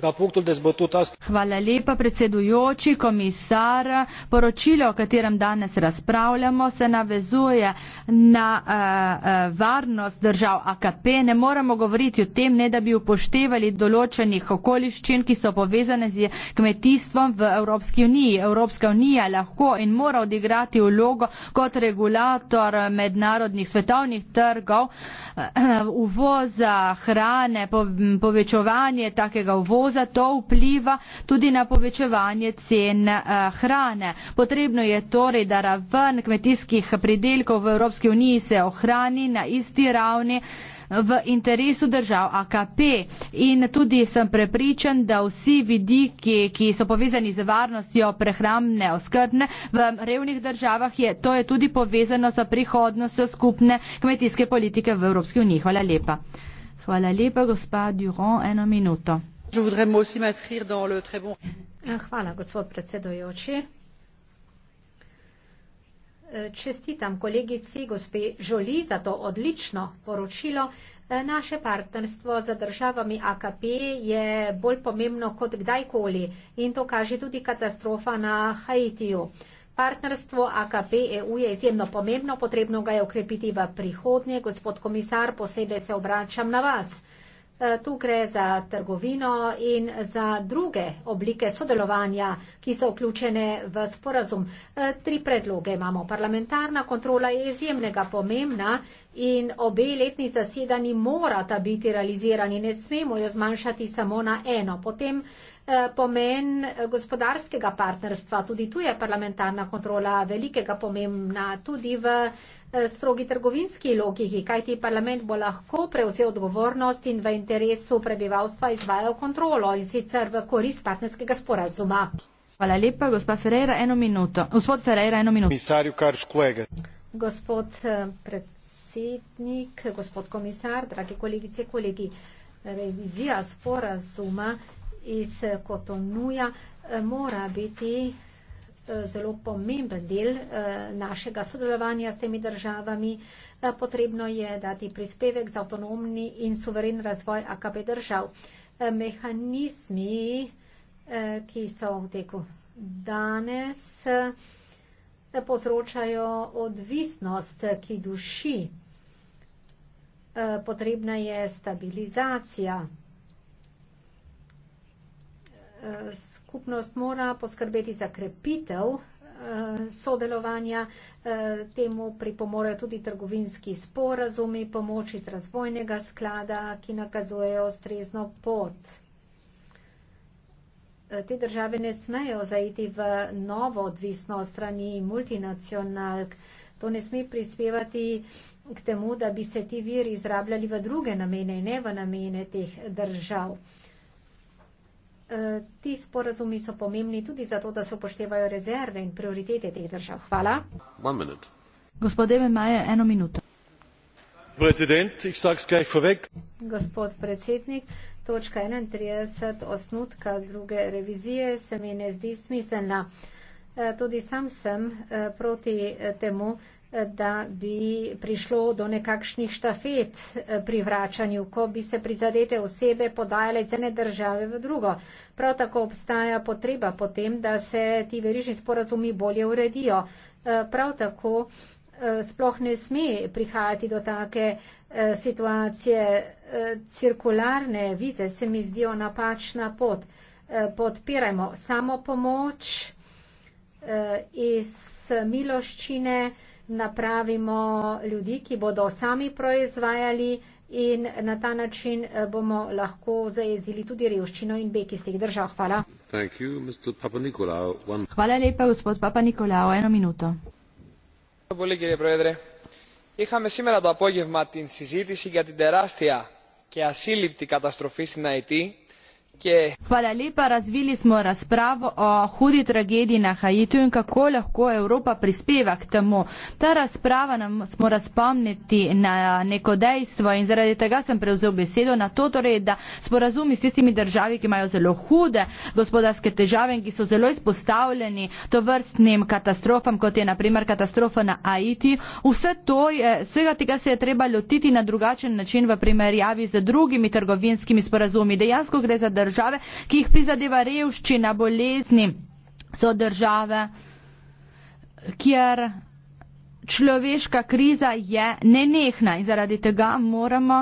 raportul dezbătut astăzi. Hvala lepa, predsedujoči, komisar. Poročilo, o katerem danes razpravljamo, se navezuje na uh, uh, varnost držav AKP. Ne moramo govoriti o tem, ne da bi upoštevali določenih okoliščin, ki so povezane z kmetijstvom v Evropski uniji. Evropska unija lahko in mora odigrati vlogo kot regulator mednarodnih svetovnih trgov, uh, uvoza hrane, po, povečovanje takega uvoza uvoza, to vpliva tudi na povečevanje cen eh, hrane. Potrebno je torej, da raven kmetijskih pridelkov v Evropski uniji se ohrani na isti ravni eh, v interesu držav AKP in tudi sem prepričan, da vsi vidiki, ki so povezani z varnostjo prehramne oskrbne v revnih državah, je, to je tudi povezano sa prihodnostjo skupne kmetijske politike v Evropski uniji. Hvala lepa. Hvala lepa, gospa Durand, eno minuto. Ah, gospod predsedujoči eh, čestitam kolegici gospe joly za to odlično poročilo eh, naše partnerstvo z državami AKP je bolj pomembno kot kdajkoli in to kaže tudi katastrofa na Haitiju Partnerstvo AKP EU je izjemno pomembno, potrebno ga je ukrepiti v prihodnje. Gospod komisar, posebej se obračam na vas. Eh, tu gre za trgovino in za druge oblike sodelovanja, ki so vključene v sporazum. Eh, tri predloge imamo. Parlamentarna kontrola je izjemnega pomembna in obe letni zasedani morata biti realizirani. Ne smemo jo zmanjšati samo na eno. Potem eh, pomen gospodarskega partnerstva, tudi tu je parlamentarna kontrola velikega pomembna, tudi v Eh, strogi trgovinski logiki, kajti parlament bo lahko prevzel odgovornost in v interesu prebivalstva izvajal kontrolo in sicer v korist partnerskega sporazuma. Hvala lepa, gospa Ferreira, eno minuto. Gospod Ferreira, eno minuto. Komisarju Karš, kolega. Gospod eh, predsednik, gospod komisar, dragi kolegice, kolegi, revizija sporazuma iz Kotonuja eh, mora biti zelo pomemben del eh, našega sodelovanja s temi državami. Eh, potrebno je dati prispevek za avtonomni in suveren razvoj AKP držav. Eh, mehanizmi, ki so v teku danes, povzročajo odvisnost, ki duši. Potrebna je stabilizacija skupnost mora poskrbeti za krepitev eh, sodelovanja, eh, temu pripomorejo tudi trgovinski sporazumi, pomoč iz razvojnega sklada, ki nakazujejo strezno pot. Eh, te države ne smejo zaiti v novo odvisno strani multinacionalk. To ne sme prispevati k temu, da bi se ti viri izrabljali v druge namene, ne v namene teh držav. Eh, ti sporazumi so pomembni tudi zato, da se upoštevajo rezerve in prioritete teh držav. Hvala. Gospodine Maje, eno minuto. Gospod predsednik, točka 31 osnutka druge revizije se mi ne zdi smiselna. Eh, tudi sam sem eh, proti temu, da bi prišlo do nekakšnih štafet eh, pri vračanju, ko bi se prizadete osebe podajale iz ene države v drugo. Prav tako obstaja potreba potem, da se ti verižni sporazumi bolje uredijo. Eh, prav tako eh, sploh ne sme prihajati do take situacije. Cirkularne vize se mi zdijo napačna pot. Podpirajmo samo pomoč iz miloščine, napravimo ljudi, ki bodo sami proizvajali in na ta način eh, bomo lahko zajezili tudi revščino in beg iz teh držav. Hvala. You, Papa Nicolau, one... Hvala lepa, gospod Papa Nikolao. Eno minuto. Hvala, gospod predsednik. Είχαμε σήμερα το απόγευμα την συζήτηση για την τεράστια και ασύλληπτη καταστροφή στην Αιτή Okay. Hvala lepa, razvili smo razpravo o hudi tragediji na Haitiju in kako lahko Evropa prispeva k temu. Ta razprava nam smo razpomniti na neko dejstvo in zaradi tega sem prevzel besedo na to, torej, da sporazumi s tistimi državami, ki imajo zelo hude gospodarske težave in ki so zelo izpostavljeni to vrstnim katastrofam, kot je naprimer katastrofa na Haiti. Vse to je, vsega tega se je treba lotiti na drugačen način v primerjavi z drugimi trgovinskimi sporazumi. Dejansko gre za državo države, ki jih prizadeva revščina, bolezni, so države, kjer človeška kriza je nenehna in zaradi tega moramo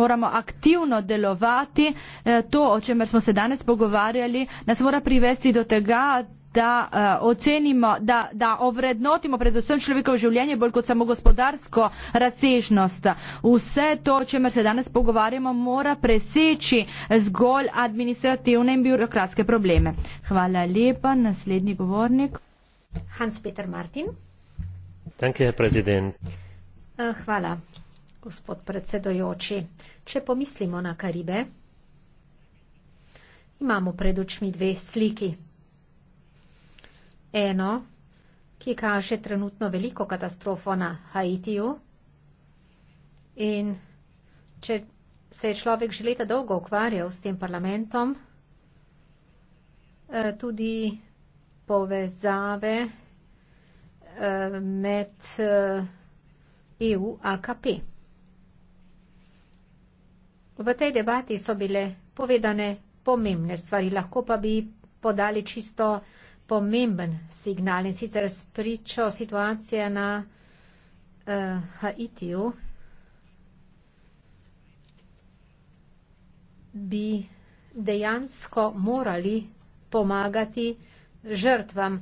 moramo aktivno delovati. Eh, to, o čemer smo se danes pogovarjali, nas mora privesti do tega, da uh, ocenimo, da, da ovrednotimo predvsem človekovo življenje bolj kot samo gospodarsko razsežnost. Vse to, o čemer se danes pogovarjamo, mora preseči zgolj administrativne in birokratske probleme. Hvala lepa. Naslednji govornik. Hans-Peter Martin. Danke, prezident. Uh, eh, hvala, gospod predsedojoči. Če pomislimo na Karibe, imamo pred očmi dve sliki eno, ki kaže trenutno veliko katastrofo na Haitiju. In če se je človek že leta dolgo ukvarjal s tem parlamentom, eh, tudi povezave eh, med EU eh, e AKP. V tej debati so bile povedane pomembne stvari, lahko pa bi podali čisto uh, pomemben signal in sicer spričo situacije na uh, Haitiju bi dejansko morali pomagati žrtvam.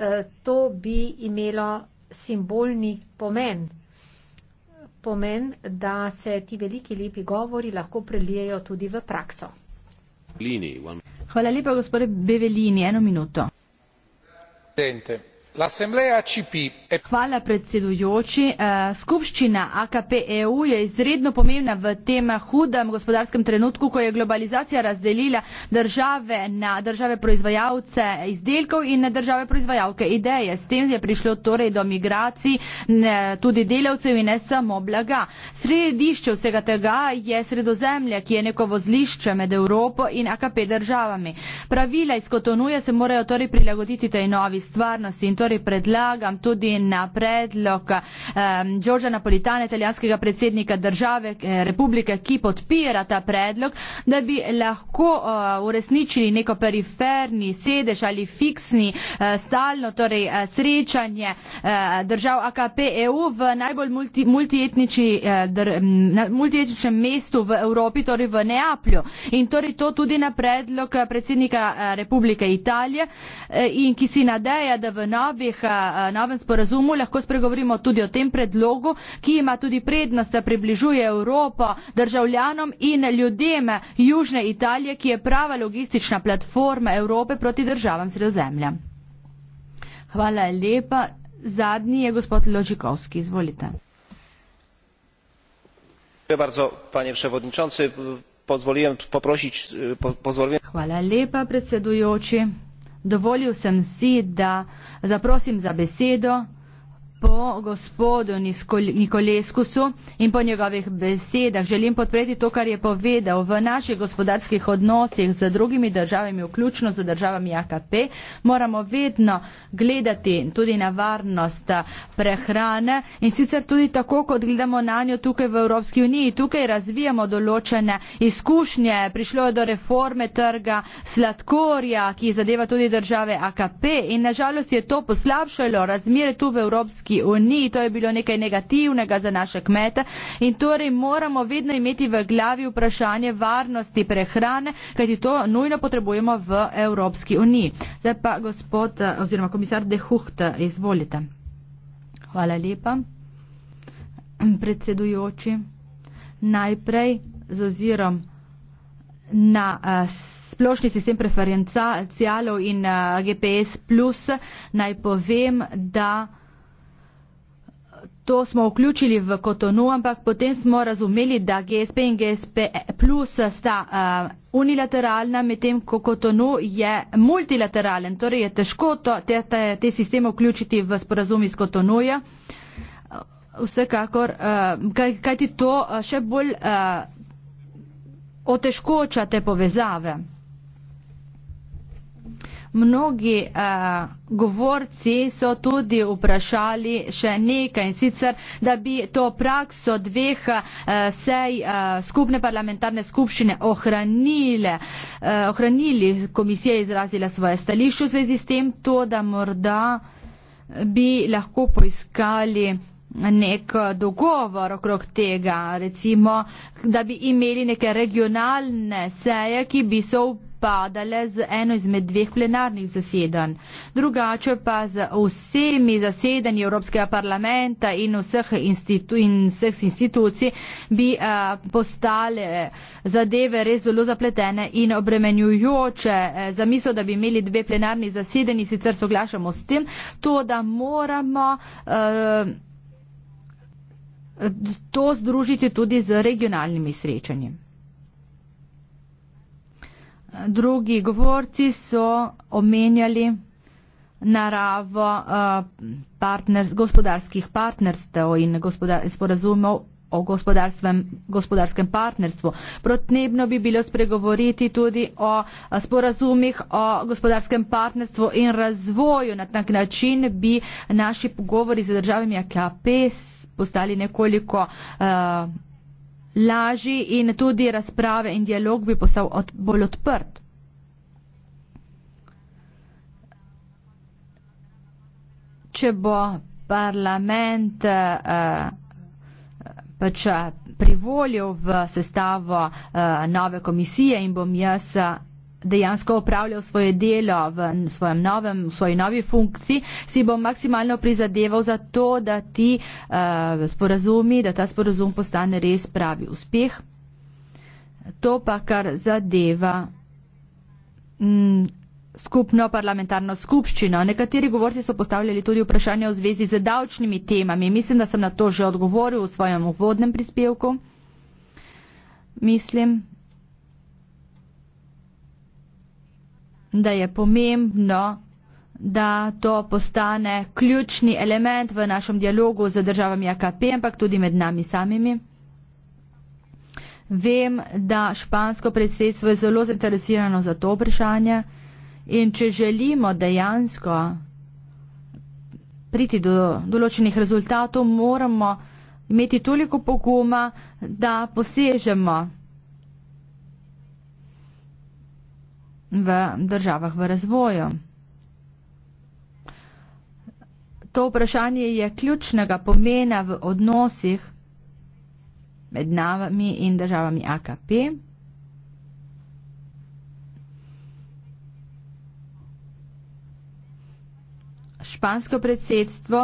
Eh, to bi imelo simbolni pomen. Pomen, da se ti veliki lepi govori lahko prelijejo tudi v prakso. Hvala lepa, gospod Bevelini. Eno minuto presidente Hvala predsedujoči. Eh, skupščina AKP EU je izredno pomembna v tem hudem gospodarskem trenutku, ko je globalizacija razdelila države na države proizvajalce izdelkov in na države proizvajalke ideje. S tem je prišlo torej do migracij tudi delavcev in ne samo blaga. Središče vsega tega je sredozemlje, ki je neko vozlišče med Evropo in AKP državami. Pravila izkotonuje se morajo torej prilagoditi tej novi stvarnosti torej predlagam tudi na predlog Đorđa um, Napolitana, italijanskega predsednika države eh, republike, ki podpira ta predlog, da bi lahko uh, uresničili neko periferni sedež ali fiksni uh, stalno torej, uh, srečanje uh, držav AKP EU v najbolj multietničnem multi uh, multi mestu v Evropi, torej v Neaplju. In torej to tudi na predlog predsednika uh, republike Italije, uh, in, ki si nadeja, da v novem novih, eh, novem sporazumu, lahko spregovorimo tudi o tem predlogu, ki ima tudi prednost, da približuje Evropo državljanom in ljudem Južne Italije, ki je prava logistična platforma Evrope proti državam sredozemlja. Hvala lepa. Zadnji je gospod Ločikovski. Izvolite. Hvala bardzo, panie przewodniczący. Pozvolim poprosić, pozvolim. Hvala lepa, predsedujoči. Dovolil sem si, da Zaprosim za besedo po gospodu Nikolescusu in po njegovih besedah želim podpreti to, kar je povedal. V naših gospodarskih odnosih z drugimi državami, vključno z državami AKP, moramo vedno gledati tudi na varnost eh, prehrane in sicer tudi tako, kot gledamo na njo tukaj v Evropski uniji. Tukaj razvijamo določene izkušnje, prišlo je do reforme trga sladkorja, ki zadeva tudi države AKP in nažalost je to poslabšalo razmere tu v Evropski uniji. Evropski uniji. To je bilo nekaj negativnega za naše kmete in torej moramo vedno imeti v glavi vprašanje varnosti prehrane, kajti to nujno potrebujemo v Evropski uniji. Zdaj pa gospod oziroma komisar De Hucht, izvolite. Hvala lepa. Predsedujoči, najprej z ozirom na uh, splošni sistem preferencialov in uh, eh, GPS, naj povem, da uh, to smo vključili v kotonu, ampak potem smo razumeli, da GSP in GSP plus sta uh, unilateralna, medtem ko kotonu je multilateralen. Torej je težko to, te, te, te sisteme vključiti v sporazum iz kotonuja. Eh, vsekakor, uh, kaj, kaj ti to še bolj uh, otežkoča te povezave? mnogi uh, govorci so tudi vprašali še nekaj in sicer, da bi to prakso dveh uh, sej uh, skupne parlamentarne skupščine ohranile, uh, ohranili, komisija je izrazila svoje stališče v zvezi s tem, to, da morda bi lahko poiskali nek dogovor okrog tega, recimo, da bi imeli neke regionalne seje, ki bi so padale z eno izmed dveh plenarnih zasedanj. Drugače pa z vsemi zasedanji Evropskega parlamenta in vseh, institu in vseh institucij bi a, eh, postale zadeve res zelo zapletene in obremenjujoče. Eh, Za misel, da bi imeli dve plenarni zasedanji, sicer soglašamo s tem, to, da moramo. A, eh, to združiti tudi z regionalnimi srečanjami drugi govorci so omenjali naravo eh, partner, gospodarskih partnerstev in gospodar, sporazumov o gospodarskem partnerstvu. Protnebno bi bilo spregovoriti tudi o sporazumih o gospodarskem partnerstvu in razvoju. Na tak način bi naši pogovori z državami AKP postali nekoliko uh, lažji in tudi razprave in dialog bi postal od, bolj odprt. Če bo parlament uh, pač privolil v sestavo uh, nove komisije in bom jaz eh, dejansko opravljal svoje delo v svojem novem, v svoji novi funkciji, si bo maksimalno prizadeval za to, da ti uh, sporazumi, da ta sporazum postane res pravi uspeh. To pa kar zadeva mm, skupno parlamentarno skupščino. Nekateri govorci so postavljali tudi vprašanje v zvezi z davčnimi temami. Mislim, da sem na to že odgovoril v svojem uvodnem prispevku. Mislim, da je pomembno, da to postane ključni element v našem dialogu z državami AKP, ampak tudi med nami samimi. Vem, da špansko predsedstvo je zelo zainteresirano za to vprašanje in če želimo dejansko priti do določenih rezultatov, moramo imeti toliko poguma, da posežemo v državah v razvoju. To vprašanje je ključnega pomena v odnosih med nami in državami AKP. Špansko predsedstvo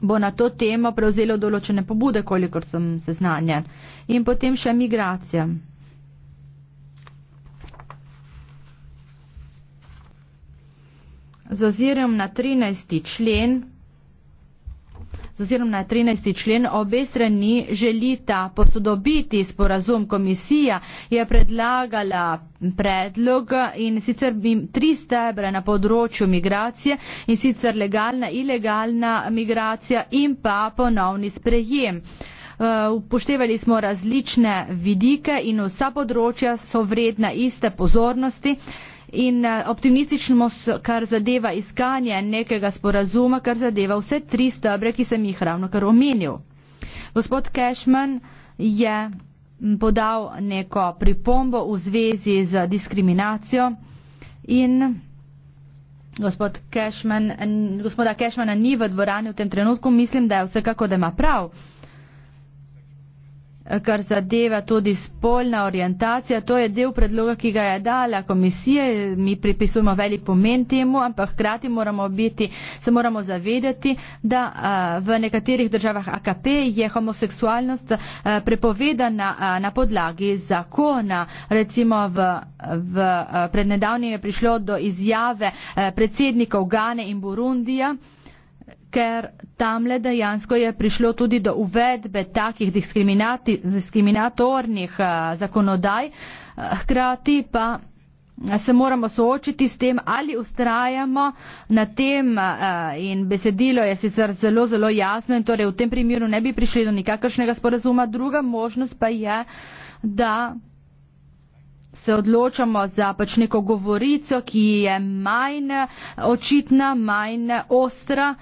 bo na to temo prevzelo določene pobude, kolikor sem seznanjen, in potem še migracija. z ozirom na 13. člen, z ozirom na 13. člen obe strani želita posodobiti sporazum. Komisija je predlagala predlog in sicer bi tri stebre na področju migracije in sicer legalna, ilegalna migracija in pa ponovni sprejem. Uh, upoštevali smo različne vidike in vsa področja so vredna iste pozornosti in eh, optimističnimo, kar zadeva iskanje nekega sporazuma, kar zadeva vse tri stebre, ki sem jih ravno kar omenil. Gospod Cashman je podal neko pripombo v zvezi z diskriminacijo in gospod Cashman, gospoda Cashmana ni v dvorani v tem trenutku, mislim, da je vsekako, da ima prav kar zadeva tudi spolna orientacija. To je del predloga, ki ga je dala komisija. Mi pripisujemo velik pomen temu, ampak hkrati moramo biti, se moramo zavedati, da a, v nekaterih državah AKP je homoseksualnost a, prepovedana a, na podlagi zakona. Recimo v, v prednedavnem je prišlo do izjave a, predsednikov Gane in Burundija ker tamle dejansko je prišlo tudi do uvedbe takih diskriminatornih eh, zakonodaj, eh, hkrati pa eh, se moramo soočiti s tem, ali ustrajamo na tem in besedilo je sicer zelo, zelo jasno in torej v tem primeru ne bi prišli do nikakršnega sporazuma. Druga možnost pa je, da se odločamo za pač neko govorico, ki je manj očitna, manj ostra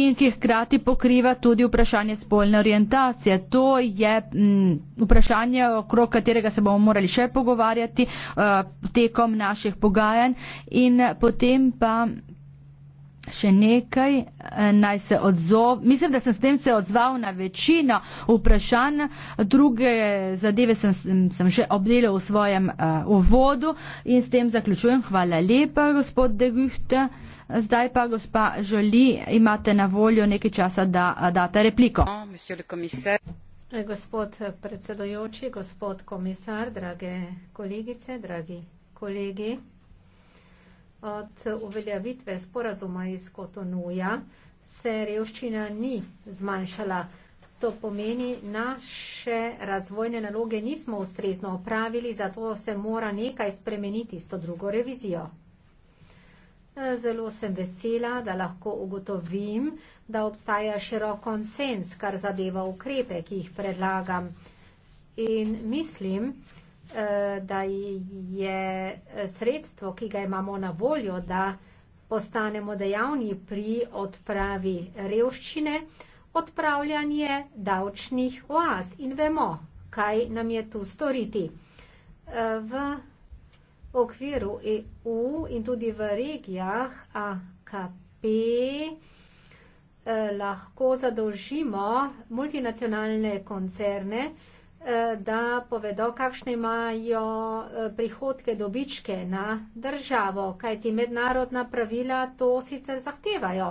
in ki hkrati pokriva tudi vprašanje spolne orientacije. To je m, mm, vprašanje, okrog katerega se bomo morali še pogovarjati uh, tekom naših pogajanj in potem pa še nekaj, eh, naj se odzov. Mislim, da sem s tem se odzval na večino vprašanj. Druge zadeve sem, sem že obdelal v svojem eh, uvodu in s tem zaključujem. Hvala lepa, gospod Degüht. Zdaj pa, gospa Žoli, imate na voljo nekaj časa, da eh, date repliko. Gospod predsedojoči, gospod komisar, drage kolegice, dragi kolegi od uveljavitve sporazuma iz Kotonuja se revščina ni zmanjšala. To pomeni, naše razvojne naloge nismo ustrezno opravili, zato se mora nekaj spremeniti s to drugo revizijo. E, zelo sem vesela, da lahko ugotovim, da obstaja širok konsens, kar zadeva ukrepe, ki jih predlagam. In mislim, Eh, da je eh, sredstvo, ki ga imamo na voljo, da postanemo dejavni pri odpravi revščine, odpravljanje davčnih oaz in vemo, kaj nam je tu storiti. Eh, v okviru EU in tudi v regijah AKP lahko zadolžimo multinacionalne koncerne, Eh, da povedo, kakšne imajo eh, prihodke, dobičke na državo, kajti mednarodna pravila to sicer zahtevajo.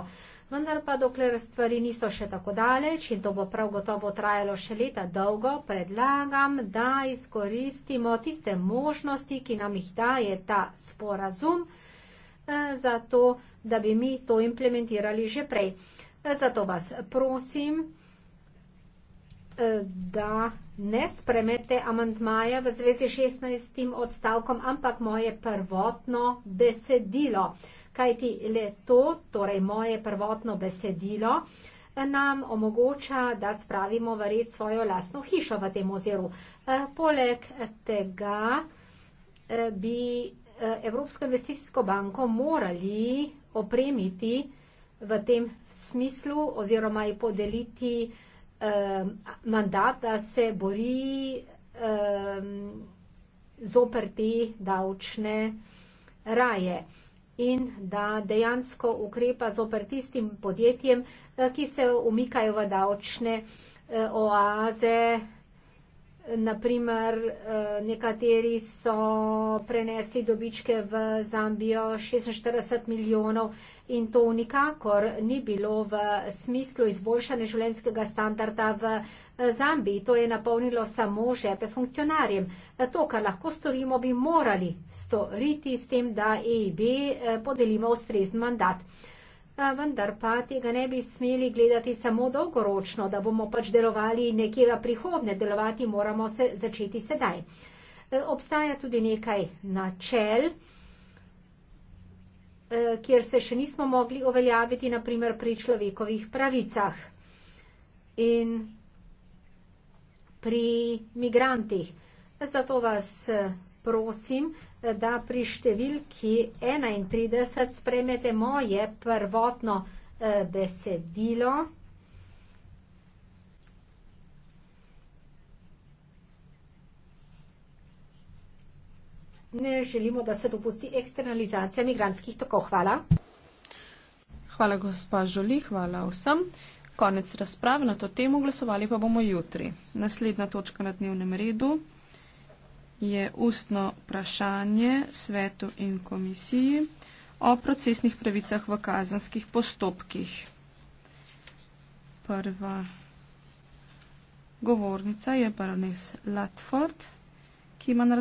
Vendar pa dokler stvari niso še tako daleč in to bo prav gotovo trajalo še leta dolgo, predlagam, da izkoristimo tiste možnosti, ki nam jih daje ta sporazum, eh, za to, da bi mi to implementirali že prej. Zato vas prosim, da ne spremete amantmaja v zvezi 16. odstavkom, ampak moje prvotno besedilo. Kajti le to, torej moje prvotno besedilo, nam omogoča, da spravimo v red svojo lastno hišo v tem oziru. E, poleg tega e, bi e, Evropsko investicijsko banko morali opremiti v tem smislu oziroma ji podeliti uh, mandat, da se bori um, zoper te davčne raje in da dejansko ukrepa zoper tistim podjetjem, eh, ki se umikajo v davčne eh, oaze, naprimer eh, nekateri so prenesli dobičke v Zambijo 46 milijonov in to nikakor ni bilo v smislu izboljšanja življenjskega standarda v eh, Zambiji. To je napolnilo samo žepe funkcionarjem. Eh, to, kar lahko storimo, bi morali storiti s tem, da EIB podelimo ustrezni mandat. A vendar pa tega ne bi smeli gledati samo dolgoročno, da bomo pač delovali nekje v prihodnje, delovati moramo se začeti sedaj. E, obstaja tudi nekaj načel, e, kjer se še nismo mogli uveljaviti, naprimer pri človekovih pravicah in pri migrantih. Zato vas e, prosim, da pri številki 31 spremete moje prvotno eh, besedilo. Ne želimo, da se dopusti eksternalizacija migranskih tokov. Hvala. Hvala, gospa Žoli, hvala vsem. Konec razprave na to temo, glasovali pa bomo jutri. Naslednja točka na dnevnem redu je ustno vprašanje svetu in komisiji o procesnih pravicah v kazanskih postopkih. Prva govornica je baronis Latford, ki ima na